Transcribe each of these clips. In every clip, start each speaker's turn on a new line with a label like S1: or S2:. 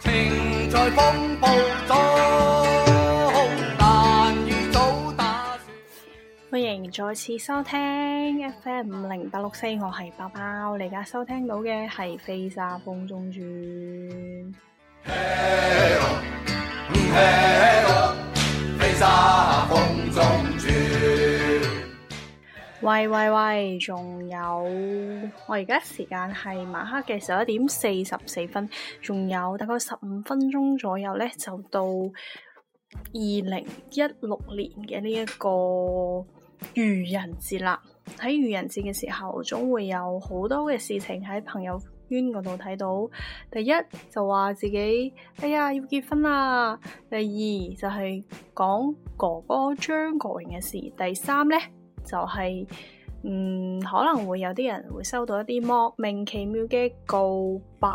S1: 情在風暴中，但如早達，歡迎再次收聽 FM 五零八六四，我係包包，你而家收聽到嘅係《飛沙風中轉》。Hey, oh. 喂喂喂，仲有我而家時間係晚黑嘅十一點四十四分，仲有大概十五分鐘左右咧，就到二零一六年嘅呢一個愚人節啦。喺愚人節嘅時候，總會有好多嘅事情喺朋友圈嗰度睇到。第一就話自己哎呀要結婚啦，第二就係講哥哥張國榮嘅事，第三咧。就係、是，嗯，可能會有啲人會收到一啲莫名其妙嘅告白。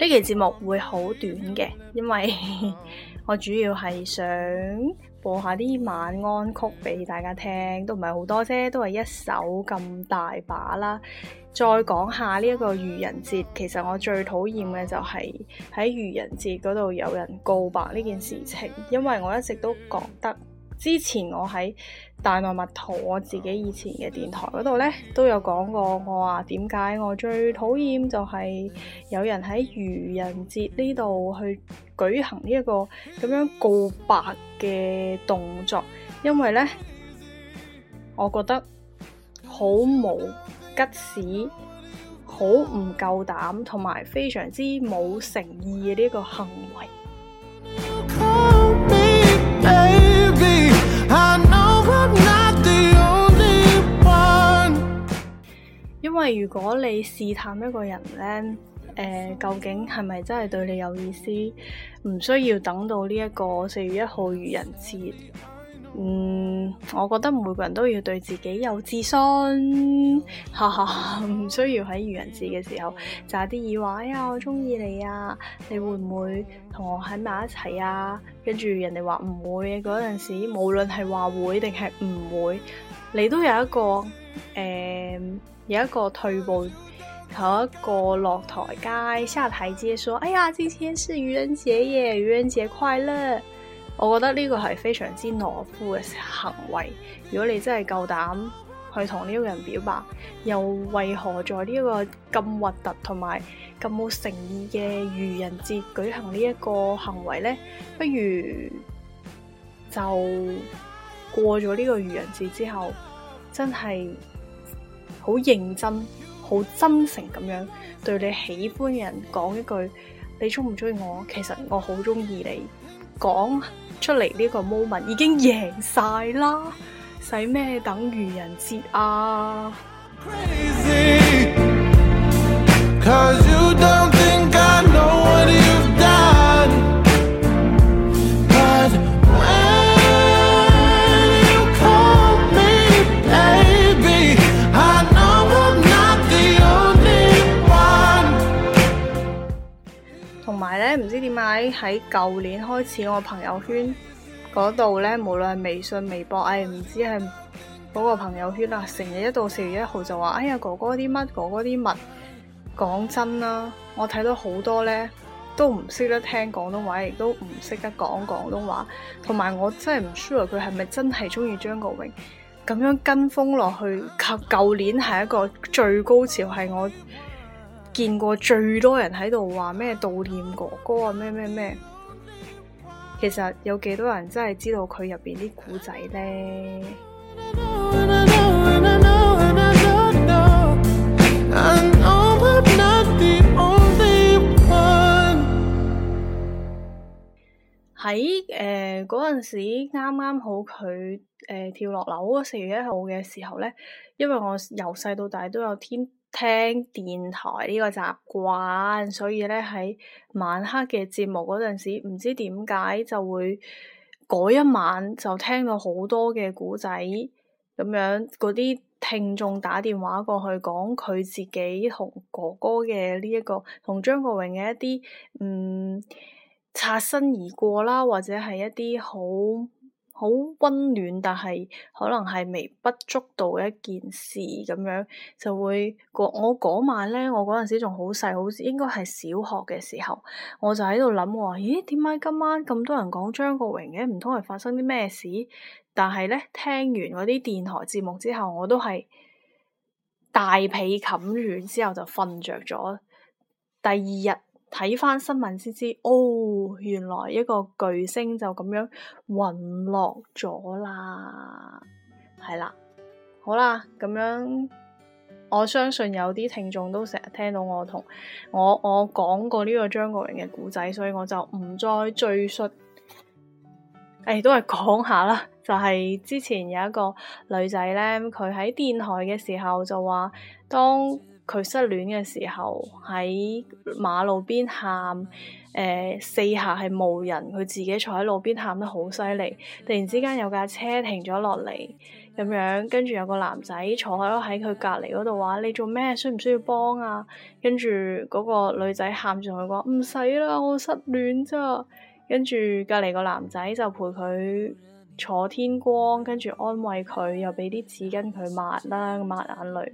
S1: 呢 期節目會好短嘅，因為 我主要係想。播下啲晚安曲俾大家聽，都唔係好多啫，都係一首咁大把啦。再講下呢一個愚人節，其實我最討厭嘅就係喺愚人節嗰度有人告白呢件事情，因為我一直都覺得。之前我喺大內密桃，我自己以前嘅電台嗰度咧都有講過，我話點解我最討厭就係有人喺愚人節呢度去舉行呢、這、一個咁樣告白嘅動作，因為呢，我覺得好冇吉士，好唔夠膽，同埋非常之冇誠意嘅呢個行為。如果你試探一個人咧，誒、呃，究竟係咪真係對你有意思？唔需要等到呢一個四月一號愚人節。嗯，我覺得每個人都要對自己有自信，哈哈，唔需要喺愚人節嘅時候詐啲意話，哎呀，我中意你啊，你會唔會同我喺埋一齊啊？跟住人哋話唔會嘅嗰陣時，無論係話會定係唔會，你都有一個。誒，um，有一個退步，有一個落台階下台階，說：哎呀，今天是愚人節耶，愚人節快樂！我覺得呢個係非常之懦夫嘅行為。如果你真係夠膽去同呢一個人表白，又為何在呢一個咁核突同埋咁冇誠意嘅愚人節舉行呢一個行為呢？不如就過咗呢個愚人節之後。真係好認真、好真誠咁樣對你喜歡嘅人講一句，你中唔中意我？其實我好中意你。講出嚟呢個 moment 已經贏晒啦，使咩等愚人節啊？ 喺舊年開始，我朋友圈嗰度呢，無論係微信、微博，誒、哎，唔知係嗰個朋友圈啦，成日一到四月一號就話，哎呀哥哥啲乜，哥哥啲乜，講真啦、啊，我睇到好多呢，都唔識得聽廣東話，亦都唔識得講廣東話，同埋我真係唔 sure 佢係咪真係中意張國榮，咁樣跟風落去。舊舊年係一個最高潮，係我。見過最多人喺度話咩悼念哥哥啊咩咩咩，其實有幾多人真係知道佢入邊啲古仔咧？喺誒嗰陣時啱啱好佢誒、呃、跳落樓啊！四月一號嘅時候咧，因為我由細到大都有添。聽電台呢個習慣，所以咧喺晚黑嘅節目嗰陣時，唔知點解就會嗰一晚就聽到好多嘅古仔咁樣，嗰啲聽眾打電話過去講佢自己同哥哥嘅呢一個同張國榮嘅一啲嗯擦身而過啦，或者係一啲好。好溫暖，但係可能係微不足道嘅一件事咁樣，就會我嗰晚咧，我嗰陣時仲好細，好應該係小學嘅時候，我就喺度諗，話咦，點解今晚咁多人講張國榮嘅？唔通係發生啲咩事？但係咧，聽完嗰啲電台節目之後，我都係大被冚完之後就瞓着咗。第二日，睇翻新聞先知，哦，原來一個巨星就咁樣隕落咗啦，係啦，好啦，咁樣我相信有啲聽眾都成日聽到我同我我講過呢個張國榮嘅故仔，所以我就唔再贅述，誒、哎，都係講下啦，就係、是、之前有一個女仔咧，佢喺電台嘅時候就話當。佢失戀嘅時候喺馬路邊喊，誒、呃、四下係無人，佢自己坐喺路邊喊得好犀利。突然之間有架車停咗落嚟咁樣，跟住有個男仔坐咗喺佢隔離嗰度話：你做咩？需唔需要幫啊？跟住嗰個女仔喊住佢話唔使啦，我失戀咋。跟住隔離個男仔就陪佢坐天光，跟住安慰佢，又俾啲紙巾佢抹啦，抹眼淚。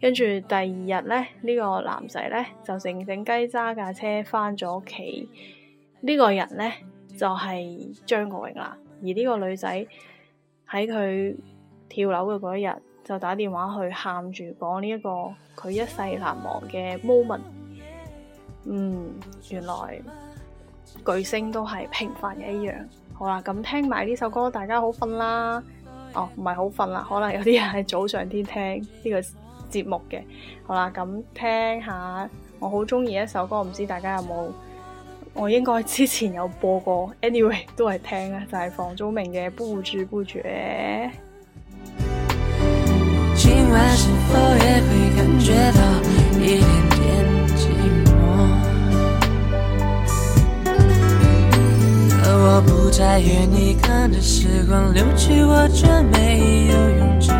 S1: 跟住第二日咧，呢個男仔咧就靜靜雞揸架車翻咗屋企。呢個人咧就係張國榮啦。而呢個女仔喺佢跳樓嘅嗰一日，就打電話去喊住講呢一個佢一世難忘嘅 moment。嗯，原來巨星都係平凡嘅一樣。好啦，咁聽埋呢首歌，大家好瞓啦。哦，唔係好瞓啦，可能有啲人係早上先聽呢個。節目嘅，好啦，咁、嗯、聽下，我好中意一首歌，唔知大家有冇？我應該之前有播過 ，anyway 都係聽啊，就係房祖名嘅《不知不覺。》 今晚是
S2: 否也會感覺到一點點寂寞？可我不再願意看着時光流去，我卻沒有勇氣。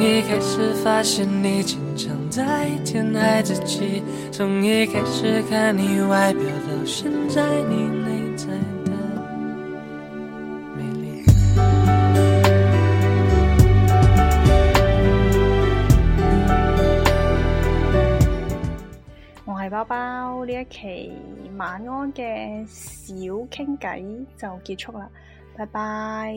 S2: 我係包包，呢一期晚安
S1: 嘅小傾偈就結束啦，拜拜。